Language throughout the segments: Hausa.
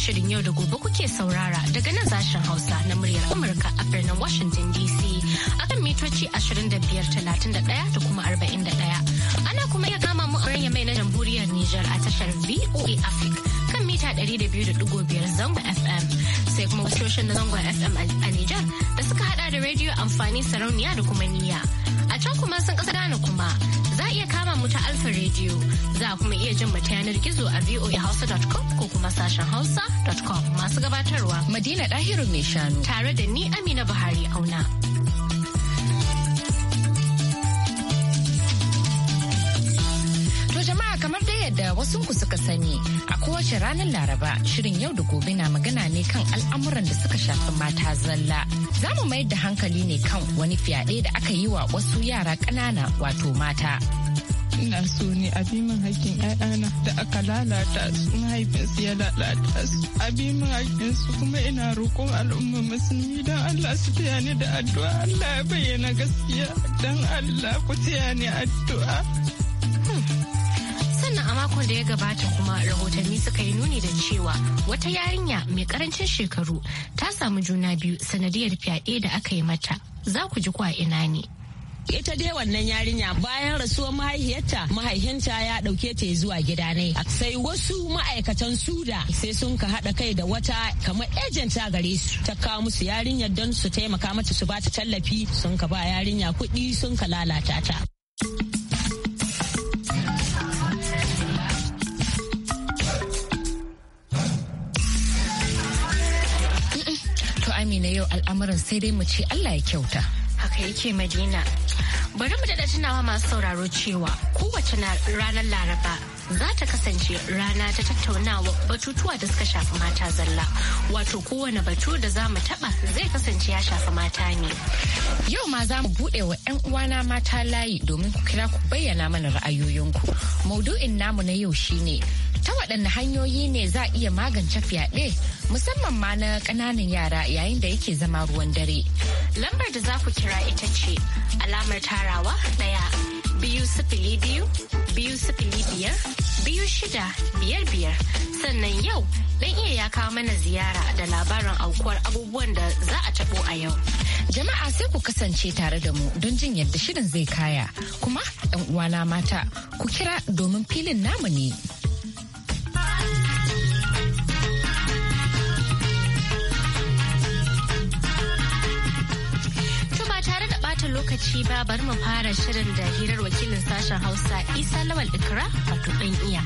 Shirin yau da gobe kuke saurara daga nan sashen Hausa na muryar Amurka a birnin Washington DC akan mitoci 2531 da kuma 41. Ana kuma iya kama mu a mai na jamhuriyar Nijar a tashar VOA Africa kan mita 200.5 zangon FM sai kuma wasoshin na zangon FM a Nijar da suka hada da rediyo amfani sarauniya da kuma niyya. A can kuma sun kasa gane kuma mu ta Alfa Radio. Za a kuma iya jin ta yanar gizo a voahausa.com ko kuma sashen hausa.com masu gabatarwa. Madina Dahiru mai shanu. Tare da ni Amina Buhari auna. To jama'a kamar dai yadda wasunku suka sani a kowace ranar laraba shirin yau da gobe na magana ne kan al'amuran da suka shafi mata zalla. Za mu mayar da hankali ne kan wani fyaɗe da aka yi wa wasu yara ƙanana wato mata. ina so ne a bi min hakkin ƴaƴana da aka lalata su mahaifinsu ya lalata su a bi min hakkin su kuma ina roƙon al'umma musulmi don Allah su taya ni da addu'a Allah ya bayyana gaskiya don Allah ku taya ni addu'a. Sannan a makon da ya gabata kuma rahotanni suka yi nuni da cewa wata yarinya mai karancin shekaru ta samu juna biyu sanadiyar fyaɗe da aka yi mata. Za ku ji kwa ina ne. ita dai wannan yarinya bayan rasuwar mahaihiyarta mahaihinta ya dauke ta zuwa gida ne sai wasu ma'aikatan suda sai sun ka hada kai da wata kamar ejenta gare su ta kawo musu yarinya don su taimaka mata su bata tallafi sun ka ba yarinya kuɗi sun ka lalata ta to Amina yau al'amuran sai dai mu ce Allah ya kyauta. Haka yake Madina. Bari mu daɗa tunawa masu sauraro cewa kowace ranar Laraba za ta kasance rana ta tattaunawa batutuwa da suka shafi mata zalla wato kowane batu da za mu taɓa zai kasance ya shafi mata ne yau ma za mu buɗe wa 'yan uwana mata layi domin ku kira ku bayyana mana ra'ayoyinku maudu'in namu na yau shine ta waɗanne hanyoyi ne za a iya magance fyaɗe musamman ma na ƙananan yara yayin da yake zama ruwan dare. Lambar da za ku kira ita ce alamar tarawa ɗaya biyu sifili biyu biyu sifili biyar biyu shida biyar biyar sannan yau dan iya ya kawo mana ziyara da labarin aukuwar abubuwan da za a taɓo a yau. Jama'a sai ku kasance tare da mu don jin yadda shirin zai kaya kuma ɗan uwana mata ku kira domin filin namu ne. lokaci ba bari mu fara shirin da hirar wakilin sashen Hausa Isa Lawal Ikra wato ɗan iya.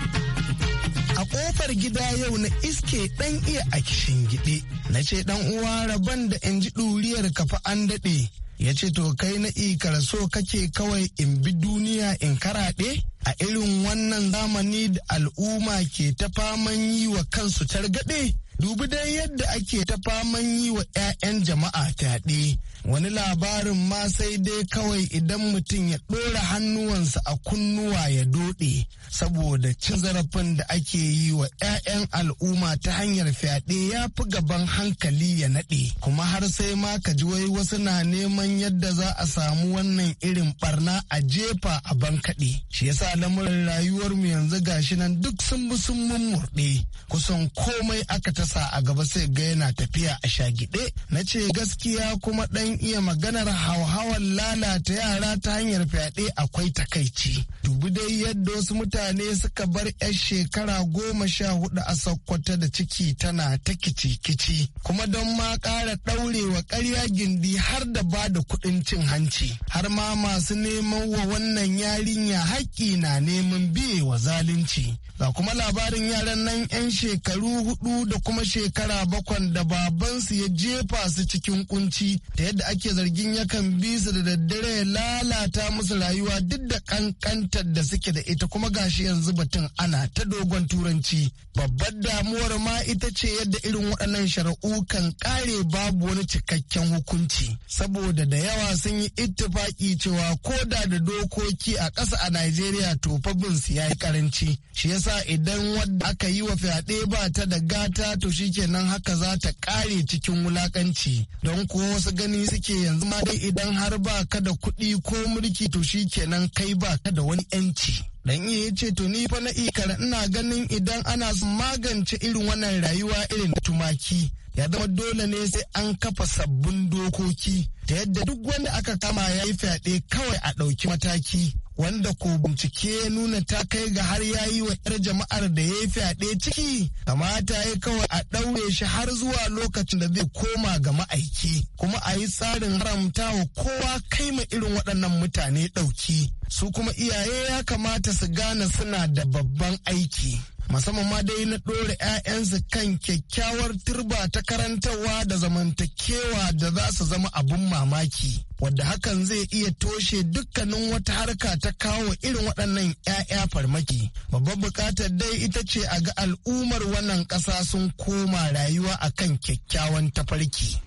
a kofar gida yau na iske dan iya a kishin gidi na ce dan uwa rabon da in ji ɗuriyar kafa an daɗe ya ce to kai na ikar so kake kawai in bi duniya in karaɗe a irin wannan zamani da al'umma ke ta faman yi wa kansu targaɗe Dubi dai yadda ake ta faman yi wa 'ya'yan jama'a fyaɗe. Wani labarin ma sai dai kawai idan mutum ya ɗora hannuwansa a kunnuwa ya doɗe saboda cin zarafin da ake yi wa 'ya'yan al'umma ta hanyar fyaɗe ya fi gaban hankali ya naɗe. Kuma har sai ma ka ji wai wasu na neman yadda za a samu wannan irin barna a jefa a bankaɗe. Shi yasa rayuwar rayuwarmu yanzu gashi nan duk sun bi sun mummurɗe. Kusan komai aka ta sa a gaba sai ga yana tafiya a shagide na ce gaskiya kuma dan iya maganar hauhawan lalata yara ta hanyar fyaɗe akwai takaici dubi dai yadda wasu mutane suka bar 'yar shekara goma sha hudu a sakkwata da ciki tana ta kici-kici kuma don ma ƙara ɗaurewa ƙarya gindi har da ba da kuɗin cin hanci har ma masu neman wa wannan yarinya haƙƙi na neman biye wa zalunci ga kuma labarin yaran nan 'yan shekaru hudu da kuma kuma shekara bakwan da babansu ya jefa su cikin kunci ta yadda ake zargin yakan bi su da daddare ya lalata musu rayuwa duk da kankantar da suke da ita kuma gashi yanzu batun ana ta dogon turanci babbar damuwar ma ita ce yadda irin waɗannan shari'u kan kare babu wani cikakken hukunci saboda da yawa sun yi ittifaki cewa ko da dokoki a ƙasa a Najeriya to fa bin su yi karanci shi yasa idan wadda aka yi wa fyaɗe ba ta da gata to shikenan haka za ta kare cikin wulakanci don ko wasu gani suke yanzu ma dai idan har ba ka da kuɗi ko mulki to shikenan kai ba ka da wani 'yanci. dan iya ya ce to ni fa na ikara ina ganin idan ana magance irin wannan rayuwa irin tumaki ya zama dole ne sai an kafa sabbin dokoki ta yadda duk wanda aka kama ya yi fyaɗe kawai a ɗauki mataki wanda ko bincike ya nuna ta kai ga har ya yi wa 'yar jama'ar da ya yi fyaɗe ciki kamata ya kawai a ɗaure shi har zuwa lokacin da zai koma ga ma'aiki kuma a yi tsarin haramta wa kowa kai ma irin waɗannan mutane ɗauki su kuma iyaye ya kamata su gane suna da babban aiki musamman ma dai na ɗora 'ya'yansu kan kyakkyawar turba ta karantarwa da zamantakewa da za su zama abun mamaki wadda hakan zai iya toshe dukkanin wata harka ta kawo irin waɗannan 'ya'ya farmaki babbar buƙatar dai ita ce a ga al'ummar wannan ƙasa sun koma rayuwa akan kyakkyawan tafarki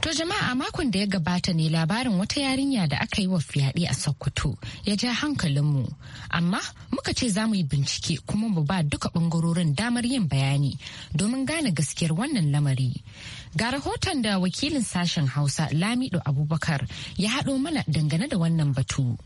To jama'a makon da ya gabata ne labarin wata yarinya da aka yi wa fyaɗe a Sokoto ya ja hankalinmu. Amma muka ce za mu yi bincike kuma mu ba duka ɓangarorin damar yin bayani domin gane gaskiyar wannan lamari. Ga rahoton da wakilin sashen Hausa Lamido Abubakar ya haɗo mana dangane da wannan batu.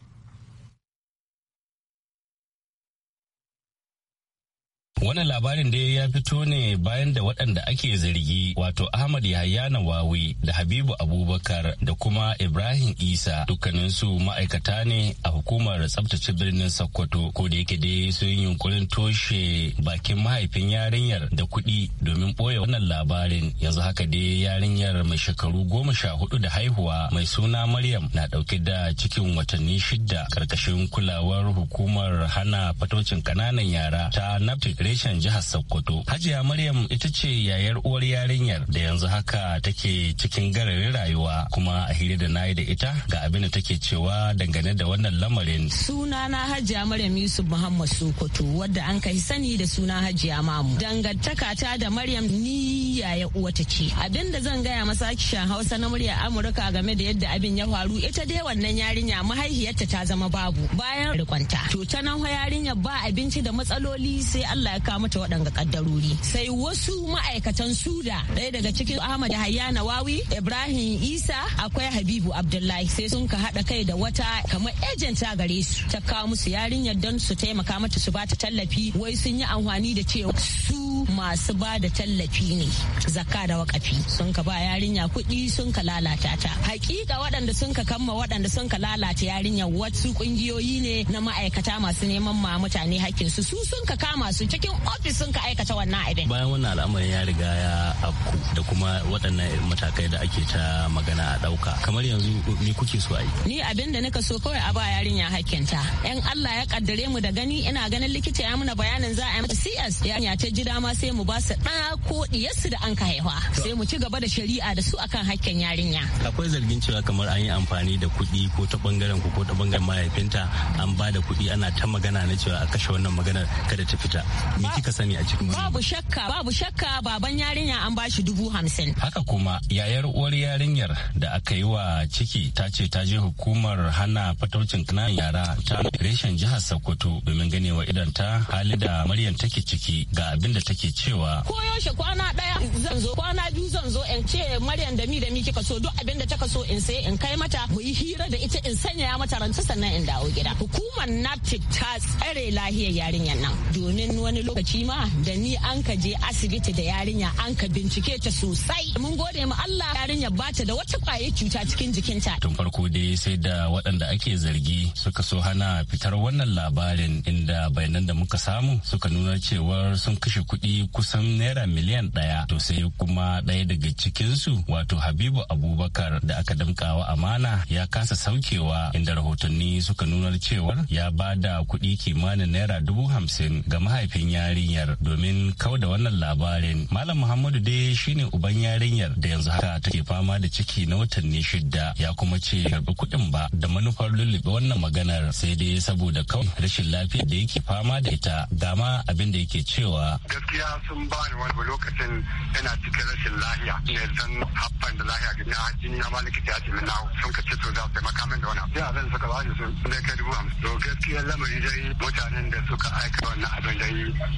Wannan labarin da ya fito ne bayan da waɗanda ake zargi wato Ahmad Yahaya Nawawi da Habibu Abubakar da kuma Ibrahim Isa dukkaninsu ma'aikata ne a hukumar tsabtace birnin Sokoto ko da yake dai sun yunkurin toshe bakin mahaifin yarinyar da kuɗi domin ɓoye wannan labarin yanzu haka dai yarinyar mai shekaru goma sha hudu da haihuwa mai suna Maryam na ɗauke da cikin watanni shidda. Karkashin kulawar hukumar hana fatocin ƙananan yara ta NAPTIC reshen jihar Sokoto. Hajiya Maryam ita ce yayar uwar yarinyar da yanzu haka take cikin gararin rayuwa kuma a hira da nayi da ita ga abin da take cewa dangane da wannan lamarin. Sunana Hajiya Maryam Yusuf Muhammad Sokoto wadda an kai sani da suna Hajiya Mamu. Dangantaka ta da Maryam ni yaya ta ce. Abin da zan gaya masa kishan Hausa na muryar Amurka game da yadda abin ya faru ita dai wannan yarinya mahaihiyarta ta zama babu bayan rikonta. To ta nan yarinya ba abinci da matsaloli sai Allah ya afka mata waɗanga kaddarori sai wasu ma'aikatan suda ɗaya daga cikin ahmad yahaya nawawi ibrahim isa akwai habibu abdullahi sai sun ka haɗa kai da wata kamar ejenta gare su ta kawo musu yarinyar don su taimaka mata su ba ta tallafi wai sun yi amfani da cewa su masu ba da tallafi ne zakka da wakafi sun ka ba yarinya kuɗi sun ka lalata ta hakika waɗanda sun ka kama waɗanda sun ka lalata yarinya wasu kungiyoyi ne na ma'aikata masu neman ma mutane hakkin su su sun ka kama su cikin ofis sun ka aikata wannan abin bayan wannan al'amarin ya riga ya afku da kuma waɗannan matakai da ake ta magana a ɗauka kamar yanzu ni kuke so a yi ni abin da nika so kawai a ba yarinya ta yan Allah ya kaddare mu da gani ina ganin likita ya muna bayanin za a yi mata CS yarinya ta ji dama sai mu ba su ɗa ko ɗiyarsu da an ka haihuwa sai mu ci gaba da shari'a da su akan hakkin yarinya. Akwai zargin cewa kamar an yi amfani da kuɗi ko ta bangaren ku ko ta bangaren mahaifinta an ba da kuɗi ana ta magana na cewa a kashe wannan maganar kada ta fita. Me kika sani a cikin Babu shakka babu shakka baban yarinya an ba shi dubu hamsin. Haka kuma yayar uwar yarinyar da aka yi wa ciki ta ce ta je hukumar hana fataucin kananan yara ta reshen jihar Sokoto domin ganewa idan ta hali da Maryam take ciki ga abin da take cewa ko kwana daya zan zo kwana biyu zan zo in ce Maryam da mi da mi kika so duk abin da taka so in sai in kai mata mu yi hira da ita in sanya mata ranta sannan in dawo gida hukumar NAPTIC ta tsare lahiyar yarinyar nan domin wani lokaci ma da ni an ka je asibiti da yarinya an ka bincike ta sosai mun gode mu Allah yarinya ba ta da wata kwaye cuta cikin jikinta tun farko dai sai da waɗanda ake zargi suka so hana fitar wannan labarin inda bayanan da muka samu suka nuna cewar sun kashe kuɗi kusan naira miliyan ɗaya to sai kuma ɗaya daga cikinsu wato habibu abubakar da aka damkawa amana ya kasa saukewa inda rahotanni suka nuna cewar ya ba da kuɗi kimanin naira dubu hamsin ga mahaifin yarinyar domin kau da wannan labarin malam muhammadu dai shine uban yarinyar da yanzu haka take fama da ciki na watanni shida ya kuma ce karɓi kuɗin ba da manufar lullube wannan maganar sai dai saboda kawai rashin lafiyar da yake fama da ita dama abin da yake cewa gaskiya sun ba ni wani lokacin yana cikin rashin lahiya ne zan haɓɓan da lahiya na jini na maliki ta ce min nawo sun kace to za su taimaka makamin da wani abu zan suka ba su ne ka dubu hamsin to gaskiya lamari dai mutanen da suka aika wannan abin dai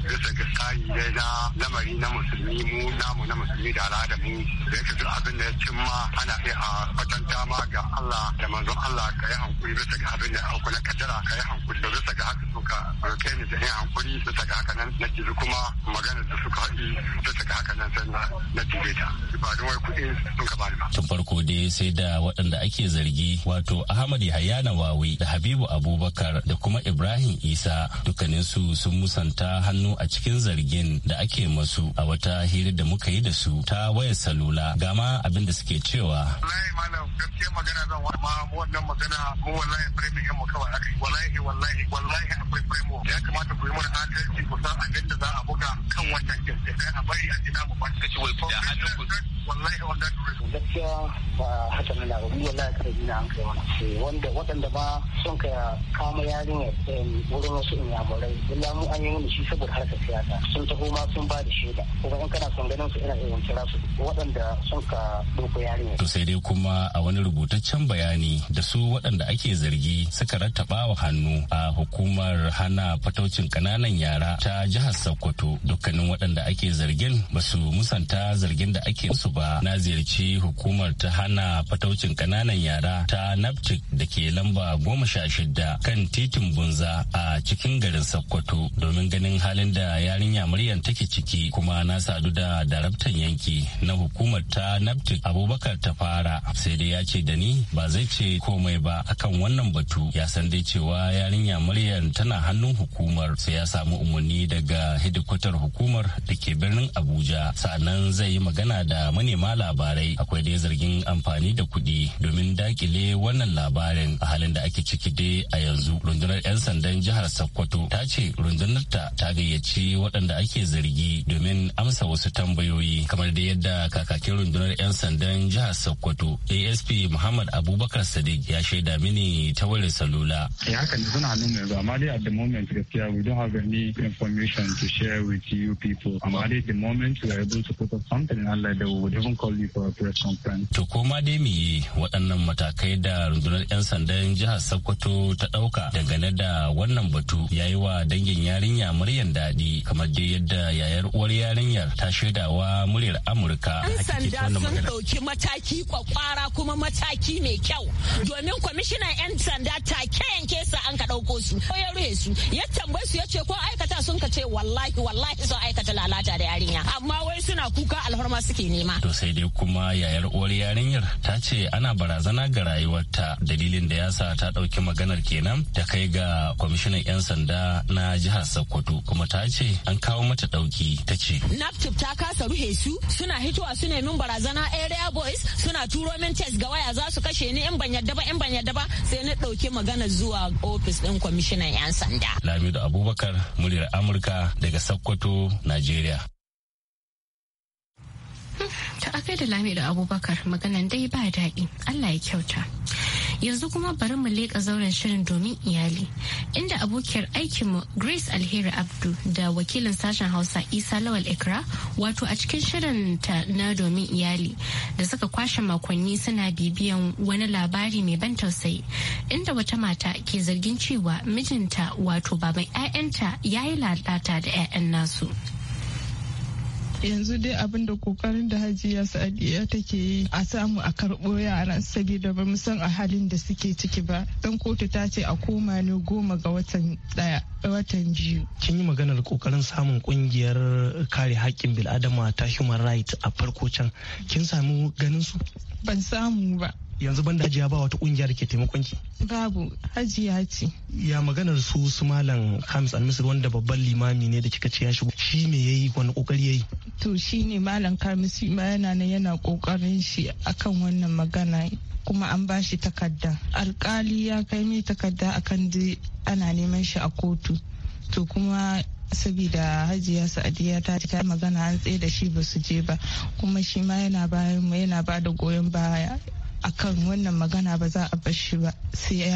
bisa ga tsari dai na lamari na musulmi mu namu na musulmi da al'ada mu da yake duk abin da ya ma ana iya a kwatanta dama ga Allah da manzon Allah ka yi hankuri bisa ga abin da auku na kaddara ka yi hankuri da bisa ga haka suka kai ni da yin hankuri bisa ga haka nan nake kuma magana da suka haɗi da suka haka nan sai na dube ba da wai kuɗi sun ka bani ba. Tun farko dai sai da waɗanda ake zargi wato Ahmad Yahaya Nawawi da Habibu Abubakar da kuma Ibrahim Isa dukkaninsu sun musanta hannu a cikin zargin da ake masu a wata hira da muka yi da su ta wayar salula gama abin da suke cewa. Wallahi malam gaskiya magana zan wa ma wannan magana mu wallahi framing mu kawai aka wallahi wallahi wallahi akwai framework ya kamata ku yi mana adalci ku san abin da za a buga kan wannan fim da kai a bari a jina mu wani kace wai da hannun ku wallahi on that reason gaskiya ba haka nan da wani wallahi kada ni na an kai wani eh, wanda waɗanda ba son ka kama yarinya wurin wasu inyamurai illa mu an yi wani shi saboda harkar siyasa sun taho ma sun ba da shaida kuma in kana son ganin su ina iya kira su waɗanda sun ka doko yarinya to sai dai kuma a wani rubutaccen bayani da su waɗanda ake zargi suka rattaba wa hannu a hukumar hana fataucin ƙananan yara ta jihar Sokoto dukkanin waɗanda ake zargin ba su musanta zargin da ake musu ba na ziyarci hukumar ta hana fataucin ƙananan yara ta naptic da ke lamba goma sha shida kan titin bunza a cikin garin sakkwato domin ganin halin da yarinya muryan take ciki kuma na sadu da darabtan yanki na hukumar ta naptic abubakar ta fara sai dai ya ce da ni ba zai ce komai ba akan wannan batu ya san dai cewa yarinya muryan tana hannun hukumar sai ya samu umarni daga hidikwatar hukumar hukumar da ke birnin abuja sa'annan zai yi magana da manema labarai akwai dai zargin amfani da kuɗi domin dakile wannan labarin a halin da ake ciki dai a yanzu rundunar 'yan sandan jihar sokoto ta ce rundunar ta ta gayyaci waɗanda ake zargi domin amsa wasu tambayoyi kamar da yadda kakakin rundunar 'yan sandan jihar sokoto asp muhammad abubakar sadiq ya shaida mini ta wurin salula ya eh, haka ne suna hannun yanzu amma dai at the moment gaskiya we don't have any information to share with you few people. Um, at the moment, we are able to put up something and Allah da would even call you for a press conference. To koma dai me waɗannan matakai da rundunar 'yan sandan jihar Sokoto ta ɗauka dangane da wannan batu ya yi wa dangin yarinya muryan daɗi kamar dai yadda yayar uwar yarinyar ta shaidawa muryar Amurka. 'Yan sanda sun ɗauki mataki kwakwara kuma mataki mai kyau domin kwamishinan 'yan sanda take yanke sa an ka ɗauko su. Ya ruhe su ya tambaye su ya ce ko aikata sun ka ce wallahi wallahi sun aikata lalata da yarinya amma wai suna kuka alhorma suke nema to sai dai kuma yayar uwar yarinyar ta ce ana barazana ga rayuwarta dalilin da yasa ta dauki maganar kenan ta kai ga kwamishinan yan sanda na jihar Sokoto kuma ta ce an kawo mata dauki ta ce naptip ta kasa ruhe su suna hitowa su min barazana area boys suna turo min test ga waya za su kashe ni in ban yadda ba in ban yadda ba sai na ɗauki maganar zuwa ofis din kwamishinan yan sanda Lamido Abubakar muryar Amurka daga Sokoto Najeriya. Ta akai da da Abubakar maganan dai ba daɗi Allah ya kyauta. yanzu kuma bari mu leƙa zauren shirin domin iyali inda abokiyar aikinmu grace alheri abdu da wakilin sashen hausa isa lawal ikra wato a cikin shirin ta na domin iyali da suka kwashe makonni suna bibiyan wani labari mai ban tausayi inda wata mata ke zargin cewa mijinta wato baban 'ya'yanta ya yi lalata da 'ya'yan nasu yanzu dai abin da kokarin da hajiya sa'adiya take yi a samu a karɓo yaran saboda ba mu san a halin da suke ciki ba dan kotu ta ce a koma ne goma ga watan daya watan biyu kin yi maganar kokarin samun kungiyar kare haƙƙin bil'adama ta human rights a farko can kin samu ganin su ban samu ba yanzu ban da hajiya ba wata kungiya da ke taimakon ki babu hajiya ce ya maganar su su malam Hamis Almisir wanda babban limami ne da kika ce ya shigo shi me yayi wani kokari yayi to shine malam Hamis ma yana nan yana kokarin shi akan wannan magana kuma an ba shi takarda alkali ya kai mai takarda akan da ana neman shi a kotu to kuma sabida hajiya sa'adiya ta ta magana an tsaye da shi ba su je ba kuma shi ma yana bayan mu yana ba da goyon baya akan wannan magana ba za a bar shi ba sai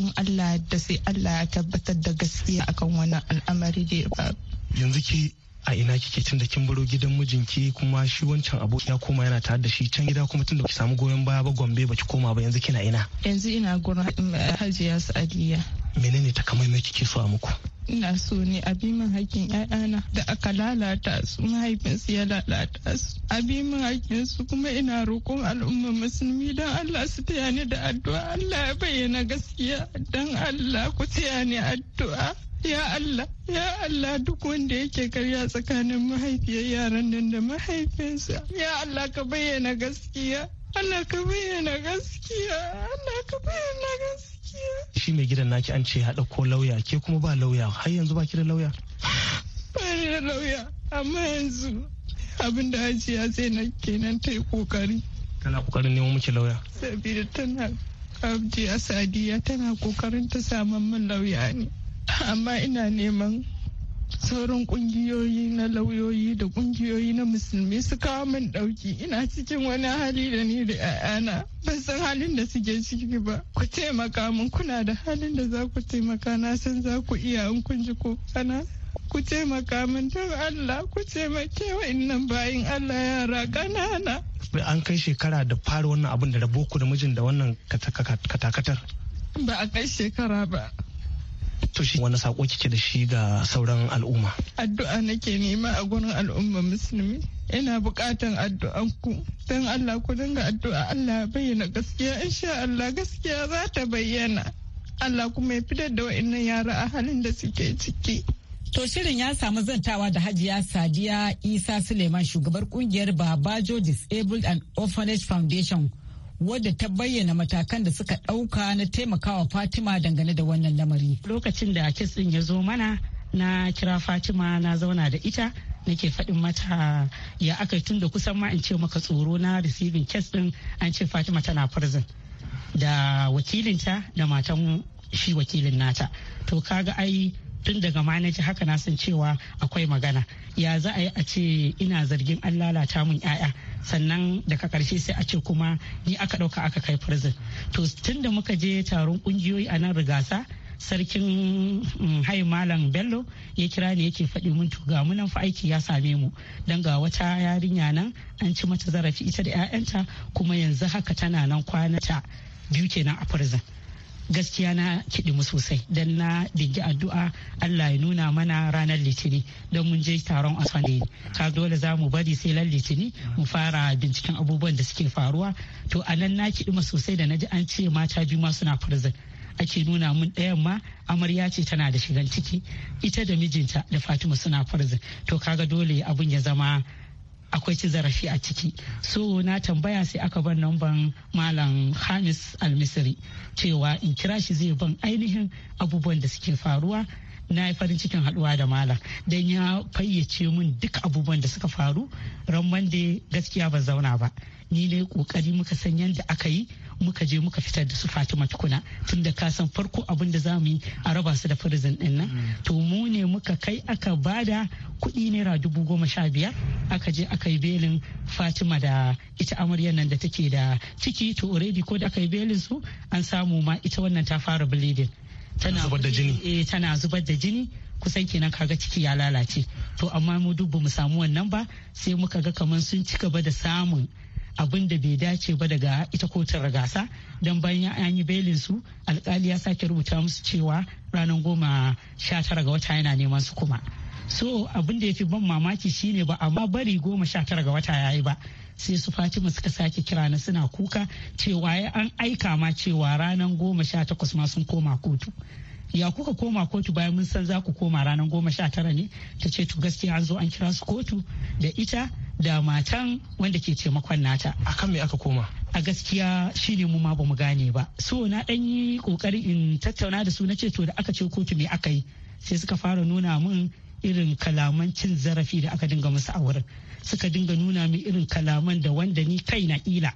in Allah da sai Allah ya tabbatar da gaskiya akan wannan al'amari da yanzu ke a ina kike tun da kin baro gidan mijinki kuma shi wancan abu ya koma yana tare da shi can gida kuma tun da ki samu goyon baya ba Gombe baki koma ba yanzu kina ina yanzu ina gurin eh, Hajiya Sa'adiya menene takamaiman kike so a muku ina so ne a bi min hakkin ƴaƴana da aka lalata su mahaifinsu ya lalata su a bi min hakkin su kuma ina roƙon al'umma musulmi don Allah su taya ni da addu'a Allah ya bayyana gaskiya don Allah ku taya ni addu'a ya Allah ya Allah duk wanda yake karya tsakanin mahaifiyar yaran nan da mahaifinsa ya Allah ka bayyana gaskiya Allah ka bayyana gaskiya Allah ka bayyana gaskiya shi mai gidan naki an ce haɗa ko lauya ke kuma ba lauya har yanzu ba ki da lauya ba da lauya amma yanzu abin da ya sai na kenan ta yi kokari tana kokarin neman miki lauya sabida tana hajiya sadiya tana kokarin ta samun min lauya ne amma ina neman sauran kungiyoyi na lauyoyi da kungiyoyi na musulmi su kawo min dauki ina cikin wani hali da ni da 'ya'yana ban san halin da suke ciki ba ku taimaka min kuna da halin da za ku taimaka na san za ku iya in kun ji ko kana ku taimaka min don Allah ku taimake wa nan bayin Allah yara ƙanana. An kai shekara da fara wannan abin da rabo ku da mijin da wannan katakatar? Ba a kai shekara ba. to wani sako kike da shi ga sauran al'umma addu'a nake nema a gurin al'umma musulmi ina bukatan addu'an ku don Allah ku dinga addu'a Allah bayyana gaskiya insha Allah gaskiya za ta bayyana Allah kuma ya fitar da wa'annan yara a halin da suke ciki To shirin ya samu zantawa da Hajiya Sadiya Isa Suleiman shugabar kungiyar Babajo Disabled and Orphanage Foundation wadda ta bayyana matakan da suka ɗauka na taimakawa Fatima dangane da wannan lamari. Lokacin da kes ɗin ya zo mana na kira Fatima na zauna da ita nake faɗin mata ya aka tun da kusan ma in ce maka tsoro na receiving kes ɗin an ce Fatima tana prison da wakilinta da matan shi wakilin nata. To kaga ai tun daga ma na ji haka na san cewa akwai magana ya za a yi a ce ina zargin an lalata mun yaya sannan daga karshe sai a ce kuma ni aka ɗauka aka kai prison to tun da muka je taron kungiyoyi a nan rigasa sarkin mm, hai malam bello ya kira ni yake faɗi mun to ga munan fa aiki ya same mu dan ga wata yarinya nan an ci mata zarafi ita da 'ya'yanta kuma yanzu haka tana nan kwanata biyu kenan a prison gaskiya na kiɗi mu sosai don na digi addu'a Allah ya nuna mana ranar litini don mun je taron asfani ka dole za mu bari sai lan litini mu fara binciken abubuwan da suke faruwa to a nan na kiɗi kiɗima sosai da na ji an ce mata biyu ma suna farzan ake nuna mun ɗaya ma amarya ce tana da shigan ciki ita da mijinta da fatima suna farzan to kaga dole abun ya zama akwai ci zarafi a ciki so na tambaya sai aka ban namban malam hamis almisiri cewa in kira shi zai ban ainihin abubuwan da suke faruwa na yi farin cikin haduwa da malam don ya fayyace min duk abubuwan da suka faru ran da gaskiya ba zauna ba ni ne kokari muka san yadda aka yi muka je muka fitar da su Fatima tukuna tunda ka san farko abin da zamu yi a raba su da prison din nan mm. to mu ne muka kai aka bada kuɗi naira dubu goma sha biyar aka je aka yi belin Fatima da ita amaryar nan da take da ciki to already ko da aka yi belin su an samu ma ita wannan ta fara bleeding tana zubar da jini eh tana zubar da jini kusan kenan kaga ciki ya lalace to amma mu duk mu samu wannan ba sai muka ga kaman sun ci gaba da samun abin da bai dace ba daga ita kotun gasa don bayan an yi belin su alkali ya sake rubuta musu cewa ranar goma sha tara ga wata yana neman su kuma so abin da ya fi ban mamaki shine ba amma bari goma sha tara ga wata yayi ba sai su fatima suka sake kira na suna kuka cewa ya an aika ma cewa ranar goma sha takwas ma sun koma kotu ya kuka koma kotu bayan mun san za ku koma ranar goma sha tara ne ta ce to gaskiya an zo an kira su kotu da ita da matan wanda ke taimakon nata akan me aka koma a gaskiya shine mu ma bamu gane ba so na ɗan yi ƙoƙarin in tattauna da su na ce to da aka ce kotu me aka yi sai suka fara nuna mun irin kalaman cin zarafi da aka dinga musu a wurin suka dinga nuna min irin kalaman da wanda ni kai na ila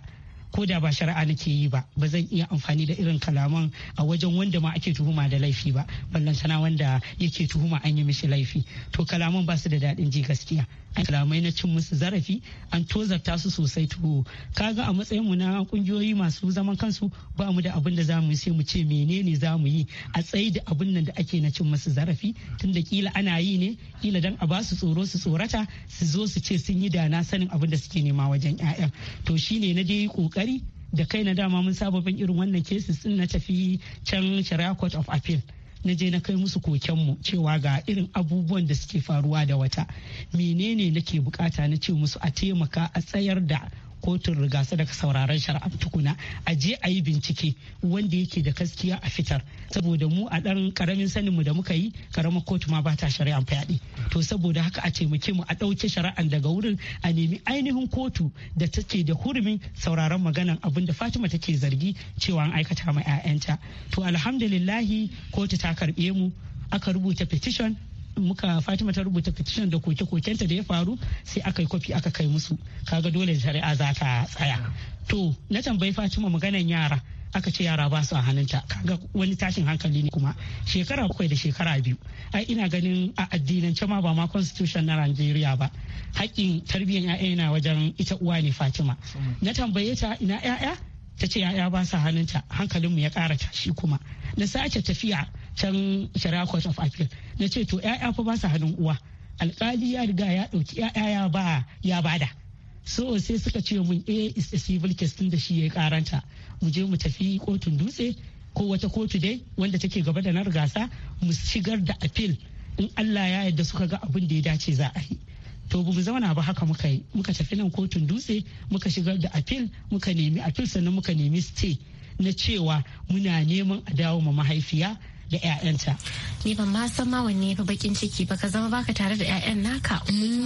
ko da ba shari'a nake yi ba ba zan iya amfani da irin kalaman a wajen wanda ma ake tuhuma da laifi ba ballan sana wanda yake tuhuma an yi mishi laifi to kalaman ba su da daɗin ji gaskiya an kalamai na cin musu zarafi an tozarta su sosai tuho kaga a matsayin mu na kungiyoyi masu zaman kansu ba mu da abin da zamu sai mu ce menene zamu yi a tsayi da abin nan da ake na cin musu zarafi tunda kila ana yi ne kila dan a ba su tsoro su tsorata su zo su ce sun yi dana sanin abin da suke nema wajen ƴaƴan to shine na dai kokari kokari da kai na dama mun saba bin irin wannan cases din na tafi can shari'a court of appeal na je na kai musu kokenmu cewa ga irin abubuwan da suke faruwa da wata menene nake bukata na ce musu a taimaka a tsayar da kotun riga su daga sauraron shari'ar tukuna a je a yi bincike wanda yake da gaskiya a fitar saboda mu a ɗan karamin sanin mu da muka yi karamar kotu ma bata ta fyaɗe to saboda haka a taimake mu a ɗauke shari'ar daga wurin a nemi ainihin kotu da take da hurumin sauraron maganan abin da Fatima take zargi cewa an aikata ma 'ya'yanta to alhamdulillahi kotu ta karɓe mu aka rubuta petition muka fatima ta rubuta petition da koke-kokenta da ya faru sai aka yi kwafi aka kai musu kaga dole shari'a za ta tsaya to na tambayi fatima maganan yara aka ce yara ba su a hannunta kaga wani tashin hankali ne kuma shekara bakwai da shekara biyu ai ina ganin a addinance ma ba ma constitution na Najeriya ba haƙƙin tarbiyyar ƴaƴa yana wajen ita uwa ne Fatima na tambaye ta ina 'ya'ya. ta ce ƴaƴa ba su a hannunta hankalinmu ya ƙara tashi kuma na sace tafiya can shari'a court of appeal na ce to ya'ya fa ba su hannun uwa alkali ya riga ya ɗauki ya'ya ya ba ya bada so sai suka ce mun a eh, is a civil case tun da shi ya karanta mu je mu tafi kotun dutse ko wata kotu dai wanda take gaba da nan gasa mu shigar da appeal in Allah ya yarda suka ga abin da ya dace za a yi to ba mu zauna ba haka muka yi muka tafi nan kotun dutse muka shigar da appeal muka nemi appeal sannan muka nemi stay na cewa muna neman a dawo ma mahaifiya da 'ya'yanta. Ni ban ma san ma wanne ba bakin ciki ba ka zama baka tare da 'ya'yan naka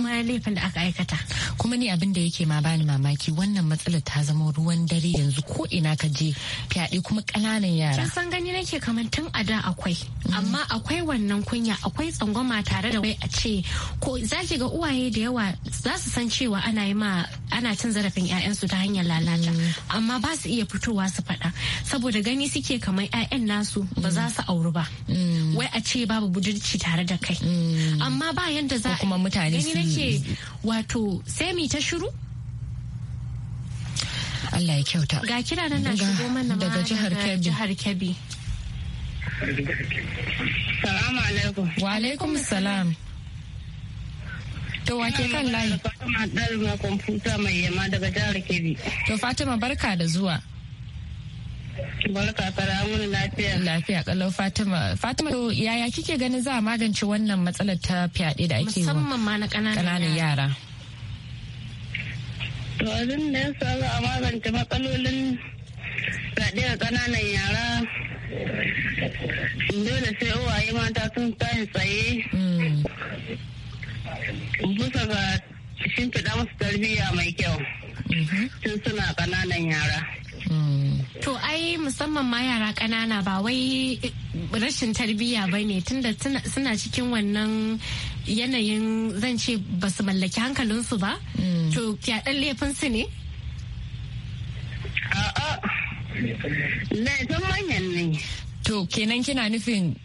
ma laifin da aka aikata. Kuma ni abin da yake ma bani mamaki wannan matsalar ta zama ruwan dare yanzu ko ina ka je fyaɗe kuma ƙananan yara. Kin san gani nake kamar tun a da akwai amma akwai wannan kunya akwai tsangwama tare da wai a ce ko za ki ga uwaye da yawa za su san cewa ana yi ma ana cin zarafin 'ya'yansu ta hanyar lalata mm. amma ba su iya fitowa su faɗa saboda gani suke kamar 'ya'yan nasu ba za su auri ba mm. wai a ce babu budurci tare da kai mm. amma ba yanda za kuma mutane su nake wato sai mi ta shiru Allah ya kyauta ga kira nan na shigo mana daga jihar Kebbi jihar Kebbi Salamu alaikum wa alaikum salam To wake kan layi. Fatima Dalma kwamfuta mai yamma daga jihar Kebbi. To Fatima barka da zuwa. ki barka fara mun lafiya. Lafiya kallon Fatima. Fatima to yaya kike ganin za a magance wannan matsalar ta fyaɗe da ake yi musamman ma na ƙananan yara. To abin da ya sa a magance matsalolin fyaɗe da ƙananan yara dole sai uwaye mata sun tsaye tsaye. Mm. Bisa ga shimfiɗa musu tarbiyya mai kyau. Mm-hmm. Tun suna ƙananan yara. Mm. To ai musamman ma yara ƙanana ba wai rashin tarbiyya ba ne tunda suna cikin wannan yanayin zan ce ba su mallaki hankalinsu ba. Mm. To fyaɗen laifinsu ne? A'a, laifin manyan ne. To kenan kina nufin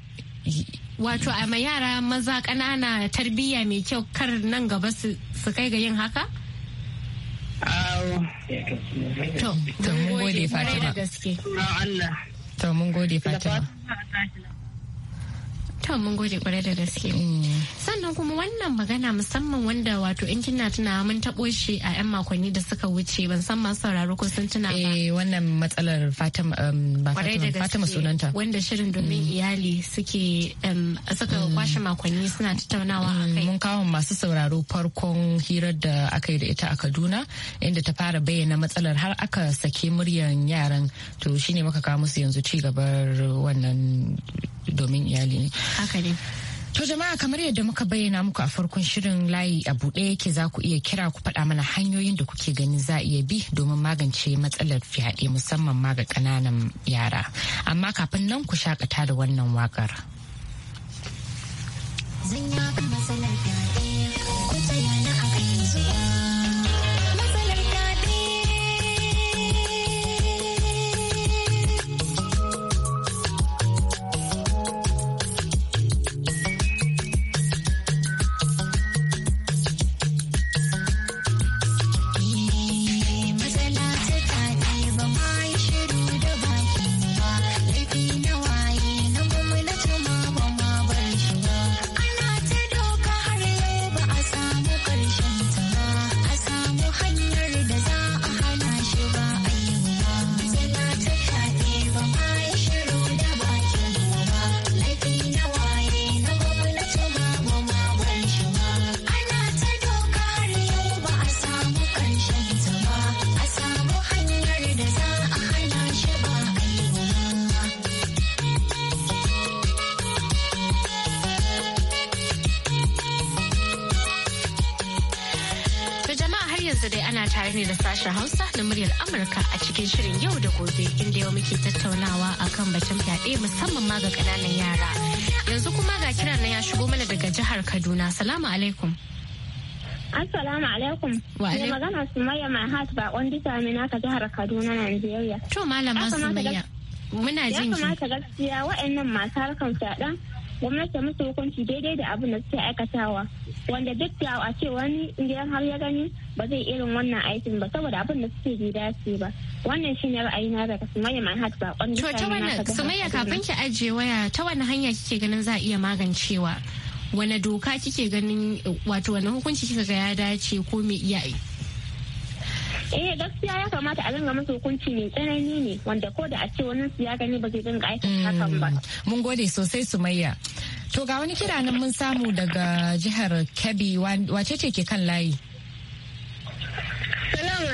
Wato a ma yara maza ƙanana tarbiyya mai kyau kar nan gaba su kai ga yin haka? dawo to mun gode fatima to mun gode fatima kan mun gode kwarai da gaske. Mm. Sannan kuma wannan magana musamman wanda wato in kina tunawa mun taɓo shi a 'yan makonni da suka wuce ban san masu sauraro ko sun tuna ba. Eh wannan matsalar Fatima um, ba sunanta. Wanda shirin domin mm. iyali suke um, suka mm. kwashe makonni suna tattaunawa a kai. Mun kawo masu sauraro farkon hirar da aka yi da ita a Kaduna inda ta fara bayyana matsalar har aka sake muryar yaran to shine muka kawo musu yanzu ci gabar wannan domin iyali ne To jama'a kamar yadda muka bayyana muku a farkon shirin layi a buɗe yake za ku iya kira ku faɗa mana hanyoyin da kuke gani za iya bi domin magance matsalar fyaɗe musamman ma ga ƙananan yara. Amma kafin nan ku shakata da wannan waƙar. Zan matsalar fyaɗe. ne da sashen Hausa na muryar Amurka a cikin shirin yau da gobe inda yau muke tattaunawa akan batun fyaɗe musamman ma ga ƙananan yara. Yanzu kuma ga kiran na ya shigo mana daga jihar Kaduna. Salamu alaikum. Assalamu alaikum. Wa alaikum. magana Sumayya ba bakon bisa mina ka jihar Kaduna, Najeriya. To malama Sumayya. Muna jin Ya kamata gaskiya waɗannan masu harkan fyaɗen gwamnati musu hukunci daidai da abin da suke aikatawa wanda duk da a ce wani idan har ya gani ba zai irin wannan aikin ba saboda abin da suke ji dace ba wannan shine na daga sumayya manhaj ba to ta wannan sumayya kafin ki ajiye waya ta wani hanya kike ganin za a iya magancewa wani doka kike ganin wato wani hukunci kika ga ya dace ko mai iya eh gaskiya ya kamata a dinga musu hukunci mai tsanani ne wanda ko da a ce wani su ya gani ba zai dinga aikin hakan ba mm, mun gode sosai sumayya to ga wani kira nan mun samu daga jihar kebbi wace ce ke kan layi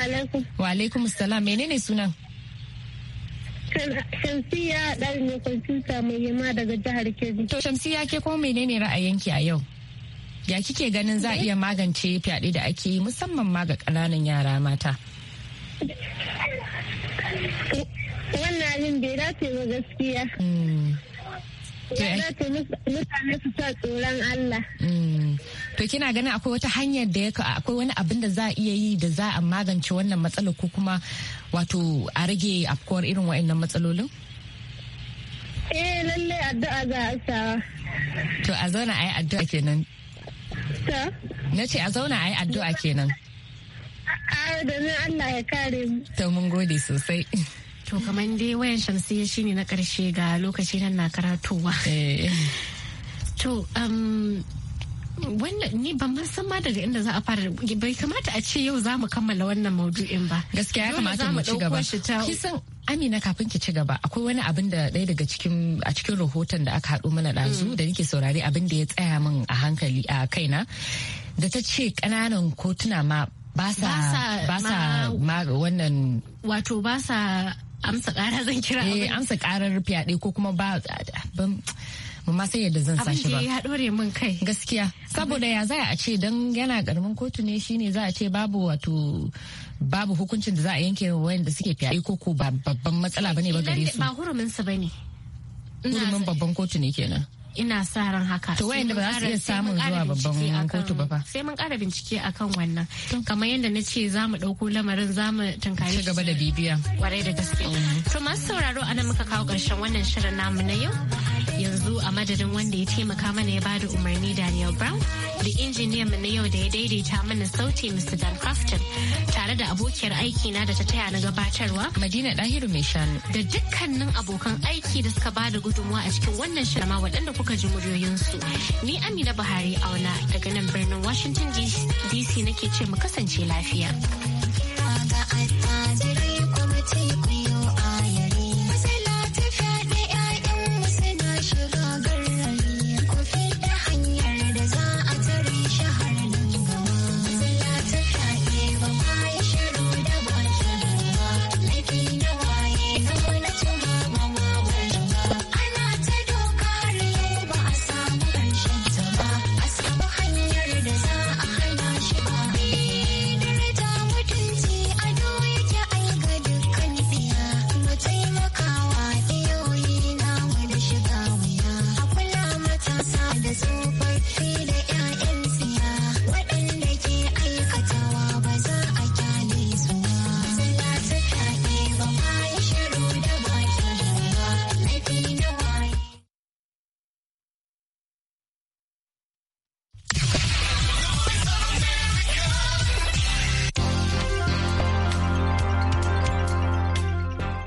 alaikum. Wa alaikum salam menene sunan? Shamsiya ɗan ne kwamfuta mai yamma daga jihar Kebbi. To Shamsiya ke ko menene ra'ayinki a yau? Ya kike ganin za a iya magance fyaɗe da ake yi musamman ma ga ƙananan yara mata? Wannan abin bai dace ba gaskiya. Hmm. Eh. mutane su sa tsoron Allah. Mm. To kina ganin akwai wata hanyar da akwai wani abin da za a iya yi da za a magance wannan matsalar ko kuma wato a rage afkuwar irin wa'annan matsalolin? Eh lallai addu'a za a sa. To a zauna a yi addu'a kenan. Ta? Na ce a zauna a yi addu'a kenan. A domin Allah ya kare mu. To mun gode sosai. to kamar dai wayan shi ne na karshe ga lokaci nan na karatowa eh, eh. to um, wannan ni ban ma san ma daga inda za a fara bai kamata a ce yau za mu kammala wannan maudu'in ba gaskiya ya kamata mu ci gaba kisan Amina kafin ki ci gaba akwai wani abin da ɗaya daga cikin a cikin rahoton da aka haɗo mana ɗazu mm. da nake saurari abin da ya tsaya min a hankali a kaina da ta ce ƙananan kotuna ma ba sa ma wannan wato ba sa amsa kara zan kira eh amsa karar fyaɗe ko kuma ba ma sai yadda zan sa shi ba. ya dore min kai. Gaskiya. Saboda ya za a ce dan yana karamin kotu ne shine za a ce babu wato babu hukuncin da za a yanke wa wayanda suke fyaɗe ko ko babban matsala bane ba gare su. Ba hurumin su bane. Hurumin babban kotu ne kenan. ina sa ran haka to wayanda ba za su iya samun zuwa babban kotu ba fa sai mun kara bincike akan wannan kamar yadda na ce za mu ɗauko lamarin za mu tunkari gaba da bibiya kwarai da gaske mm-hmm. to masu sauraro anan muka kawo ƙarshen wannan shirin namu na yau yanzu a madadin wanda ya taimaka mana ya bada umarni Daniel Brown da injiniyan na yau da ya daidaita mana sauti Mr. Dan Crafton tare da abokiyar aiki na da ta taya na gabatarwa Madina Dahiru mai shanu da dukkanin abokan aiki da suka bada gudunmawa a cikin wannan shirma waɗanda kuka ji muryoyinsu ni Amina Buhari auna daga nan birnin Washington DC nake ce mu kasance lafiya.